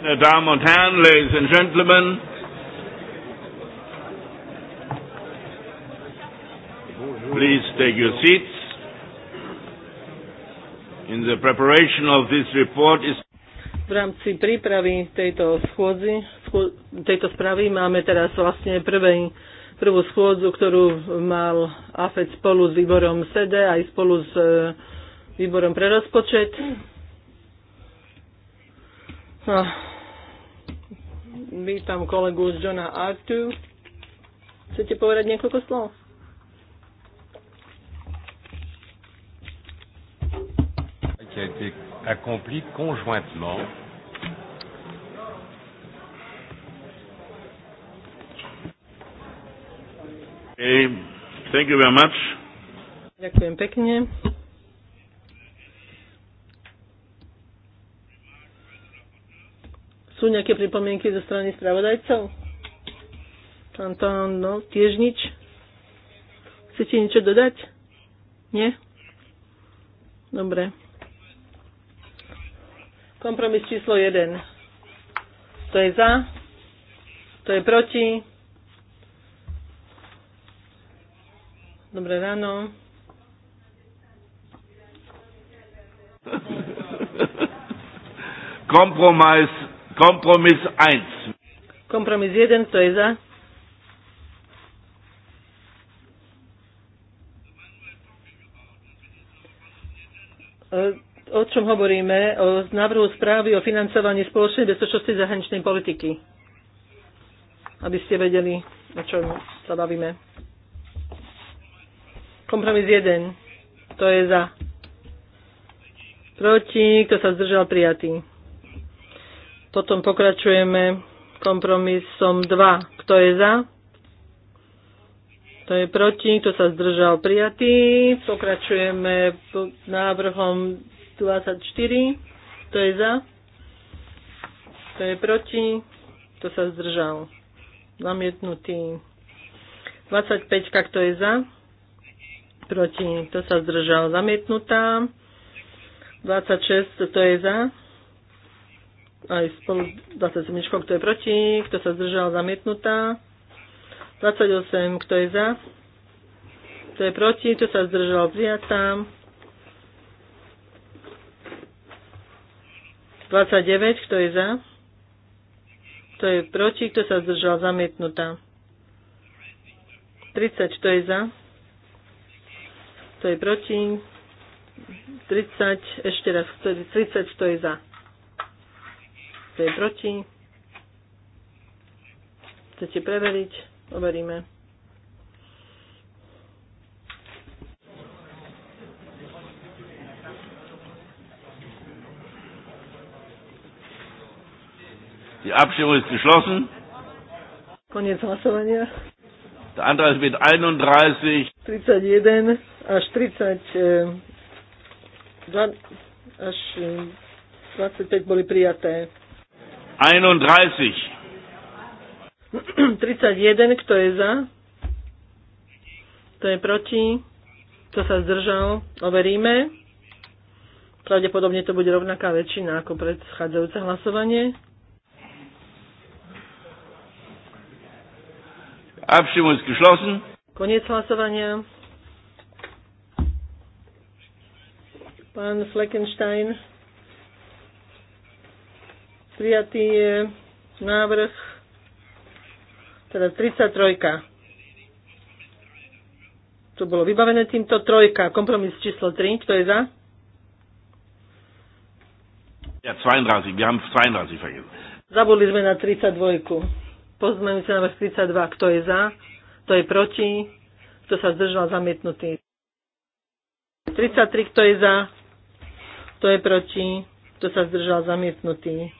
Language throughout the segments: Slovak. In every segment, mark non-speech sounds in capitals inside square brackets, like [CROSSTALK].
Meine Damen und Herren, Ladies and Gentlemen, please take your seats. In the preparation of this report is v rámci prípravy tejto schôdzi, tejto správy máme teraz vlastne prvý prvú schôdzu, ktorú mal AFED spolu s výborom SEDE aj spolu s e, výborom pre rozpočet. A no, vítam kolegu z Johna Artu. Chcete povedať niekoľko slov? qui a accompli conjointement Hey, thank you very much. Ďakujem pekne. Sú nejaké pripomienky zo strany spravodajcov? Tam Tón, no, tiež nič? Chcete niečo dodať? Nie? Dobre. Kompromis číslo 1. To je za, to je proti, Dobré ráno. Kompromis, kompromis 1. Kompromis 1, kto je za? E, o čom hovoríme? O návrhu správy o financovaní spoločnej bezpečnosti zahraničnej politiky. Aby ste vedeli, o čom sa bavíme. Kompromis 1. Kto je za? Proti. Kto sa zdržal? Prijatý. Potom pokračujeme kompromisom 2. Kto je za? To je proti? Kto sa zdržal? Prijatý. Pokračujeme návrhom 24. Kto je za? Kto je proti? Kto sa zdržal? Zamietnutý. 25. Kto je za? proti, kto sa zdržal, zamietnutá. 26, to je za. Aj spolu 27, kto je proti, kto sa zdržal, zamietnutá. 28, kto je za. Kto je proti, kto sa zdržal, prijatá. 29, kto je za. Kto je proti, kto sa zdržal, zamietnutá. 30, kto je za kto je proti, 30, ešte raz, 30, kto je za, kto je proti, chcete preveriť, overíme. Die Abstimmung ist geschlossen. Konec hlasovania. Der Antrag ist mit 31. 31 až 30, e, až 25 e, boli prijaté. 31. 31, kto je za? Kto je proti? Kto sa zdržal? Overíme. Pravdepodobne to bude rovnaká väčšina ako predchádzajúce hlasovanie. Abstimmung ist geschlossen. Koniec hlasovania. Pán Fleckenstein, prijatý je návrh, teda 33. Tu bolo vybavené týmto trojka, kompromis číslo 3, kto je za? Ja, 32, wir 32 Zabudli sme na 32. Pozmeme sa na 32, kto je za, kto je proti, kto sa zdržal zamietnutý. 33, kto je za, kto je proti? Kto sa zdržal zamietnutý?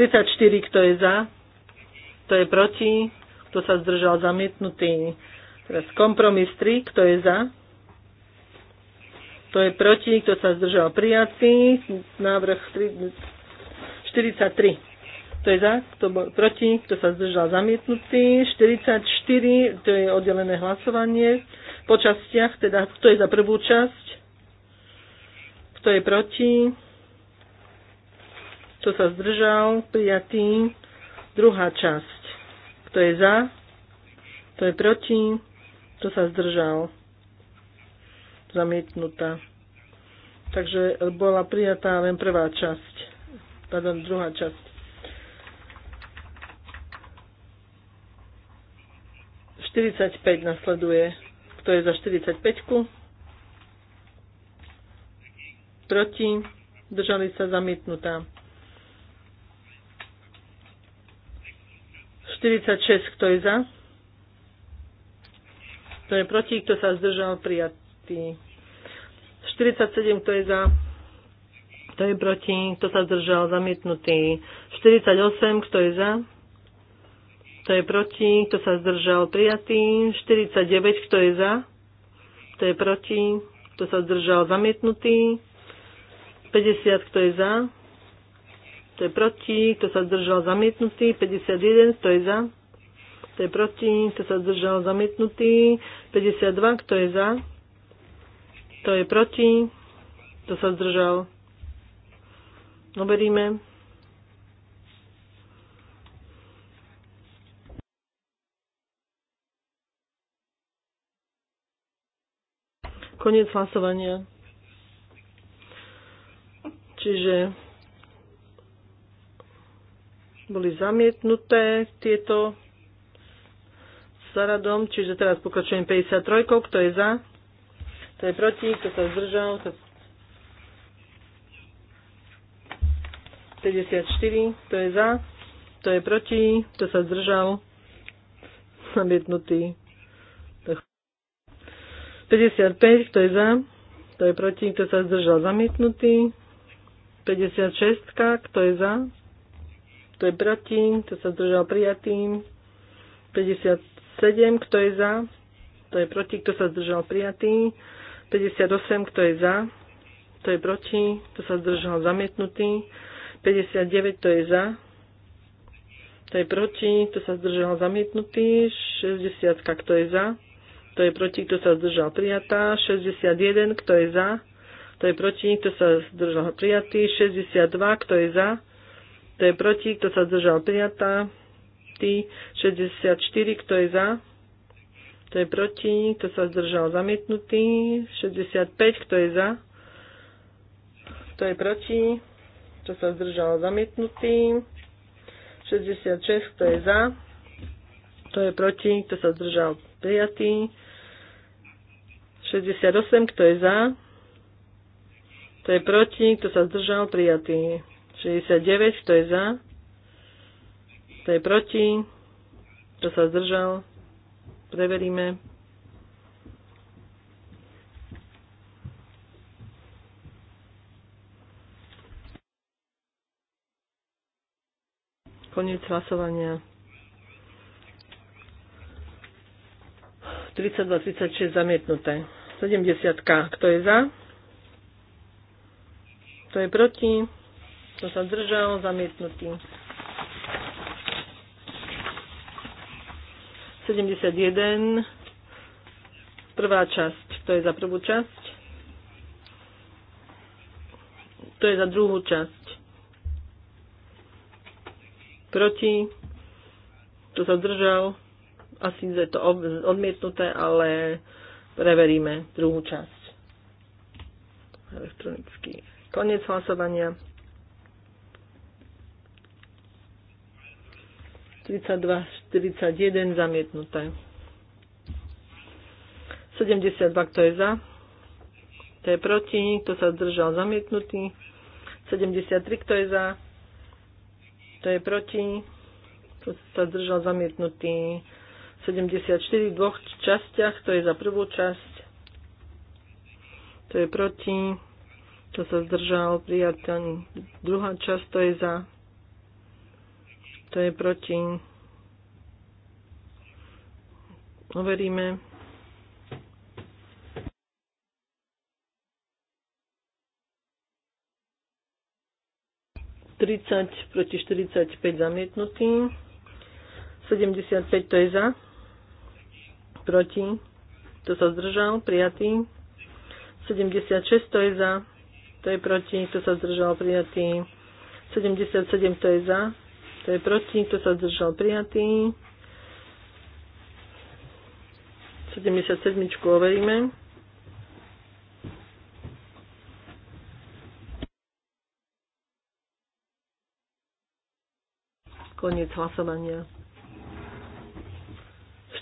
34. Kto je za? Kto je proti? Kto sa zdržal zamietnutý? Teraz kompromis 3. Kto je za? Kto je proti? Kto sa zdržal prijatý? Návrh 43. Kto je za? Kto bol proti? Kto sa zdržal zamietnutý? 44. To je oddelené hlasovanie. Po častiach, teda kto je za prvú časť? Kto je proti? Kto sa zdržal? Prijatý. Druhá časť. Kto je za? Kto je proti? Kto sa zdržal? Zamietnutá. Takže bola prijatá len prvá časť. Pardon, druhá časť. 45 nasleduje. Kto je za 45? proti, držali sa zamietnutá. 46, kto je za? Kto je proti, kto sa zdržal, prijatý. 47, kto je za? Kto je proti, kto sa zdržal, zamietnutý. 48, kto je za? Kto je proti, kto sa zdržal, prijatý. 49, kto je za? Kto je proti, kto sa zdržal, zamietnutý. 50, kto je za, to je proti, kto sa zdržal zamietnutý, 51, kto je za, to je proti, kto sa zdržal zamietnutý, 52, kto je za, kto je proti, kto sa zdržal. Overíme. No, Koniec hlasovania. Čiže boli zamietnuté tieto zaradom, čiže teraz pokračujem 53, kto je za, kto je proti, kto sa zdržal, kto 54, kto je za, kto je proti, kto sa zdržal, zamietnutý. 55, kto je za, kto je proti, kto sa zdržal, zamietnutý. 56, kto je za, kto je proti, kto sa zdržal prijatý. 57, kto je za, kto je proti, kto sa zdržal prijatý. 58, kto je za, kto je proti, kto sa zdržal zamietnutý. 59, kto je za, kto je proti, kto sa zdržal zamietnutý. 60, kto je za, kto je proti, kto sa zdržal prijatá. 61, kto je za, kto je proti, kto sa zdržal prijatý, 62, kto je za, kto je proti, kto sa zdržal prijatá, 64, kto je za, kto je proti, kto sa zdržal zamietnutý, 65, kto je za, kto je proti, kto sa zdržal zamietnutý, 66, kto je za, kto je proti, kto sa zdržal prijatý, 68, kto je za, kto je proti? Kto sa zdržal? Prijatý. 69. Kto je za? Kto je proti? Kto sa zdržal? Preveríme. Koniec hlasovania. 32-36 zamietnuté. 70. Kto je za? Kto je proti? Kto sa zdržal? Zamietnutý. 71. Prvá časť. to je za prvú časť? to je za druhú časť? Proti? Kto sa zdržal? Asi je to odmietnuté, ale preveríme druhú časť Elektronický. Koniec hlasovania. 32-41 zamietnuté. 72, kto je za? Kto je proti? Kto sa zdržal zamietnutý? 73, kto je za? Kto je proti? Kto sa zdržal zamietnutý? 74 v dvoch častiach, to je za prvú časť, to je proti, to sa zdržal? Prijatý. Druhá časť, to je za. To je proti. Overíme. 30 proti 45 zamietnutý. 75 to je za. Proti. To sa zdržal. Prijatý. 76 to je za to je proti, kto sa zdržal prijatý. 77, to je za, to je proti, kto sa zdržal prijatý. 77 overíme. Koniec hlasovania.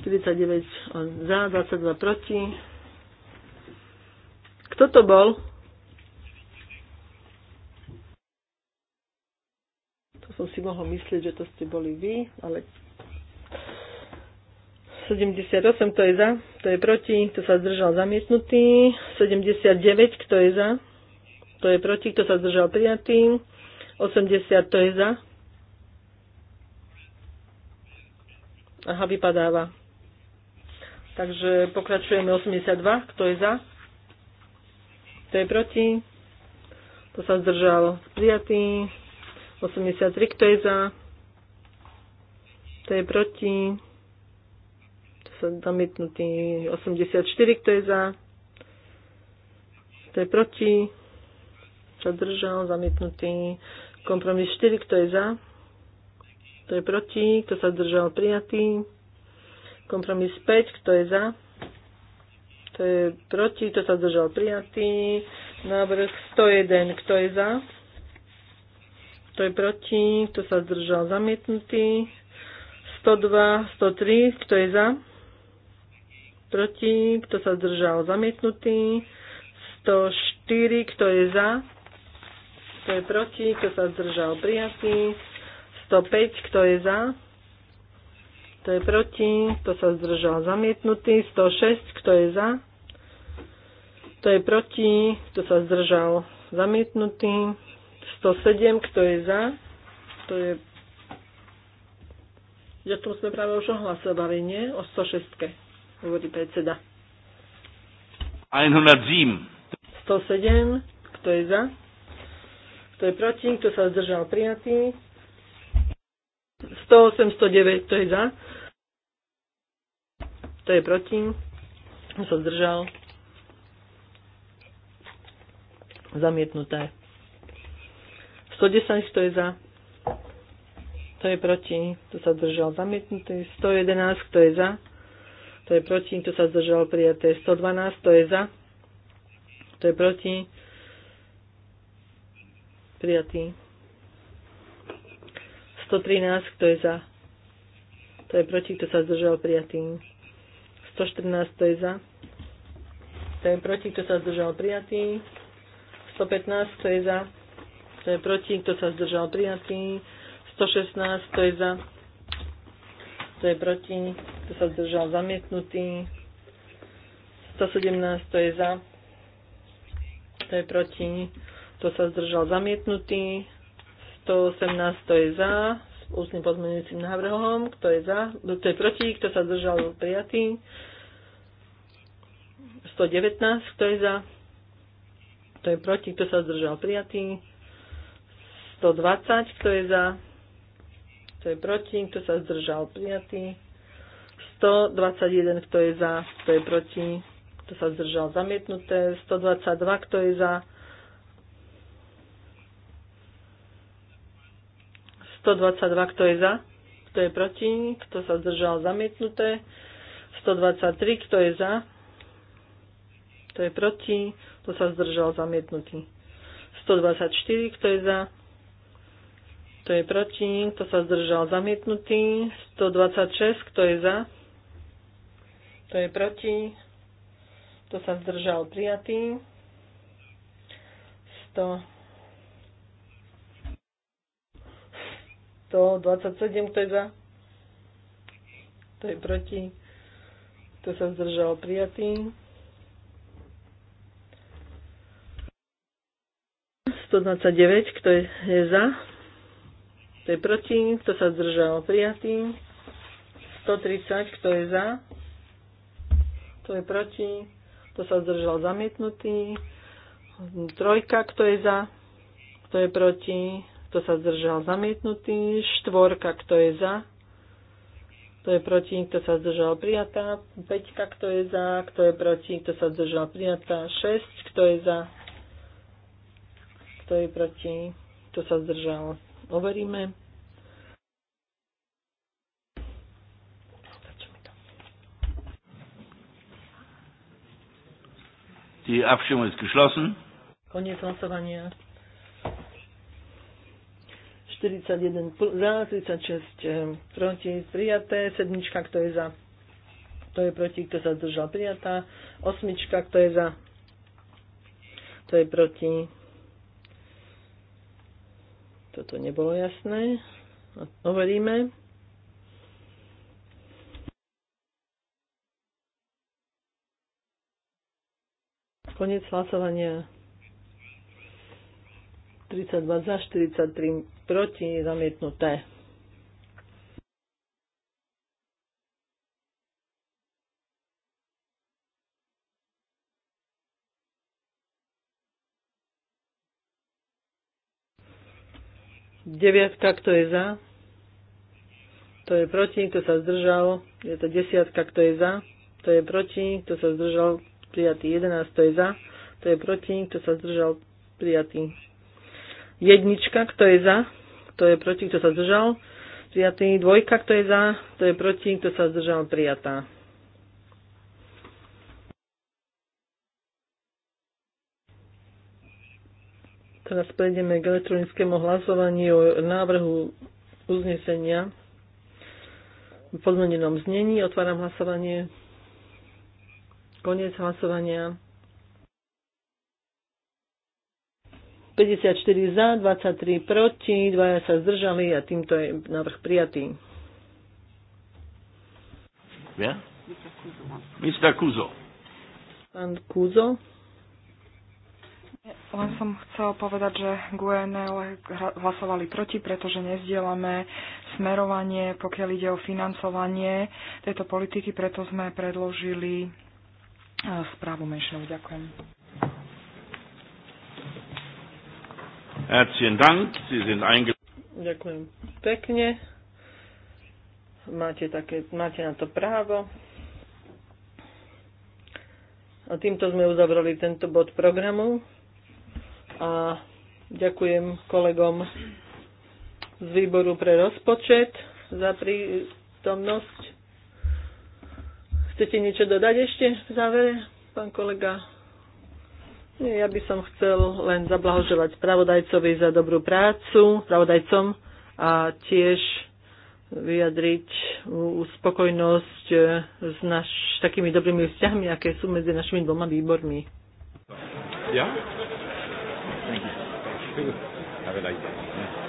49 za, 22 proti. Kto to bol? som si mohol myslieť, že to ste boli vy, ale 78, to je za, kto je proti, to sa zdržal zamietnutý. 79, kto je za, kto je proti, kto sa zdržal prijatý. 80, to je za. Aha, vypadáva. Takže pokračujeme 82, kto je za, kto je proti, To sa zdržal prijatý. 83, kto je za, kto je proti, to sa zamietnutý 84, kto je za, kto je proti, sa držal, zamietnutý kompromis 4, kto je za, kto je proti, kto sa držal, prijatý, kompromis 5, kto je za, kto je proti, kto sa držal, prijatý, návrh 101, kto je za, kto je proti, kto sa zdržal zamietnutý. 102, 103, kto je za, proti, kto sa zdržal zamietnutý. 104, kto je za, kto je proti, kto sa zdržal prijatý. 105, kto je za, kto je proti, kto sa zdržal zamietnutý. 106, kto je za, kto je proti, kto sa zdržal zamietnutý. 107, kto je za, to je... Ja tu sme práve už ohlasovali, nie? O 106, hovorí predseda. 107. 107, kto je za? Kto je proti? Kto sa zdržal prijatý? 108, 109, kto je za? Kto je proti? Kto sa zdržal? Zamietnuté. 110, kto je za? to je proti? to sa zdržal? Zamietnutý. 111, kto je za? Kto je proti? to sa zdržal? Prijaté. 112, to je za? Kto je proti? Prijatý. 113, kto je za? To je proti? Kto sa zdržal? Prijatý. 114, to je za? To je proti? Kto sa zdržal? Prijatý. 115, to je za? je proti, kto sa zdržal prijatý, 116 to je za, to je proti, kto sa zdržal zamietnutý, 117 to je za, to je proti, kto sa zdržal zamietnutý, 118 to je za, s ústnym pozmeňujúcim návrhom, kto je za, kto je proti, kto sa zdržal prijatý, 119, kto je za, kto je proti, kto sa zdržal prijatý, 120, kto je za, kto je proti, kto sa zdržal, prijatý. 121, kto je za, kto je proti, kto sa zdržal, zamietnuté. 122, kto je za, 122, kto je za, kto je proti, kto sa zdržal, zamietnuté. 123, kto je za, kto je proti, kto sa zdržal, zamietnutý. 124, kto je za, kto je proti, kto sa zdržal zamietnutý, 126, kto je za, kto je proti, kto sa zdržal prijatý, 100, 127, kto je za, kto je proti, kto sa zdržal prijatý, 129, kto je, je za, kto je proti? Kto sa zdržal? Prijatý. 130. Kto je za? Kto je proti? Kto sa zdržal? Zamietnutý. Trojka. Kto je za? Kto je proti? Kto sa zdržal? Zamietnutý. Štvorka. Kto je za? kto je proti, kto sa zdržal prijatá, peťka kto je za, kto je proti, kto sa zdržal prijatá, šesť, kto je za, kto je proti, kto sa zdržal overíme. Die Abstimmung ist geschlossen. Koniec hlasovania. 41 za, 36 eh, proti, prijaté, sedmička, kto je za, To je proti, kto sa zdržal, prijatá, osmička, kto je za, To je proti, toto nebolo jasné. Overíme. Konec hlasovania. 32 za, 43 proti, zamietnuté. deviatka, kto je za, To je proti, kto sa zdržal, je to desiatka, kto je za, kto je proti, kto sa zdržal, prijatý Jedenáct, to je za, to je proti, kto sa zdržal, prijatý. Jednička, kto je za, to je proti, kto sa zdržal, prijatý. Dvojka, kto je za, to je proti, kto sa zdržal, prijatá. Teraz prejdeme k elektronickému hlasovaniu návrhu uznesenia v podmenenom znení. Otváram hlasovanie. Koniec hlasovania. 54 za, 23 proti, dvaja sa zdržali a týmto je návrh prijatý. Ja? Mr. Kuzo. Pán Kuzo. Len som chcel povedať, že GUNL hlasovali proti, pretože nezdielame smerovanie, pokiaľ ide o financovanie tejto politiky, preto sme predložili e, správu menšieho. Ďakujem. Ďakujem pekne. Máte, také, máte na to právo. A týmto sme uzavreli tento bod programu a ďakujem kolegom z výboru pre rozpočet za prítomnosť. Chcete niečo dodať ešte v závere, pán kolega? Nie, ja by som chcel len zablahoželať spravodajcovi za dobrú prácu, spravodajcom a tiež vyjadriť spokojnosť s naš, takými dobrými vzťahmi, aké sú medzi našimi dvoma výbormi. Ja? [LAUGHS] have a nice day.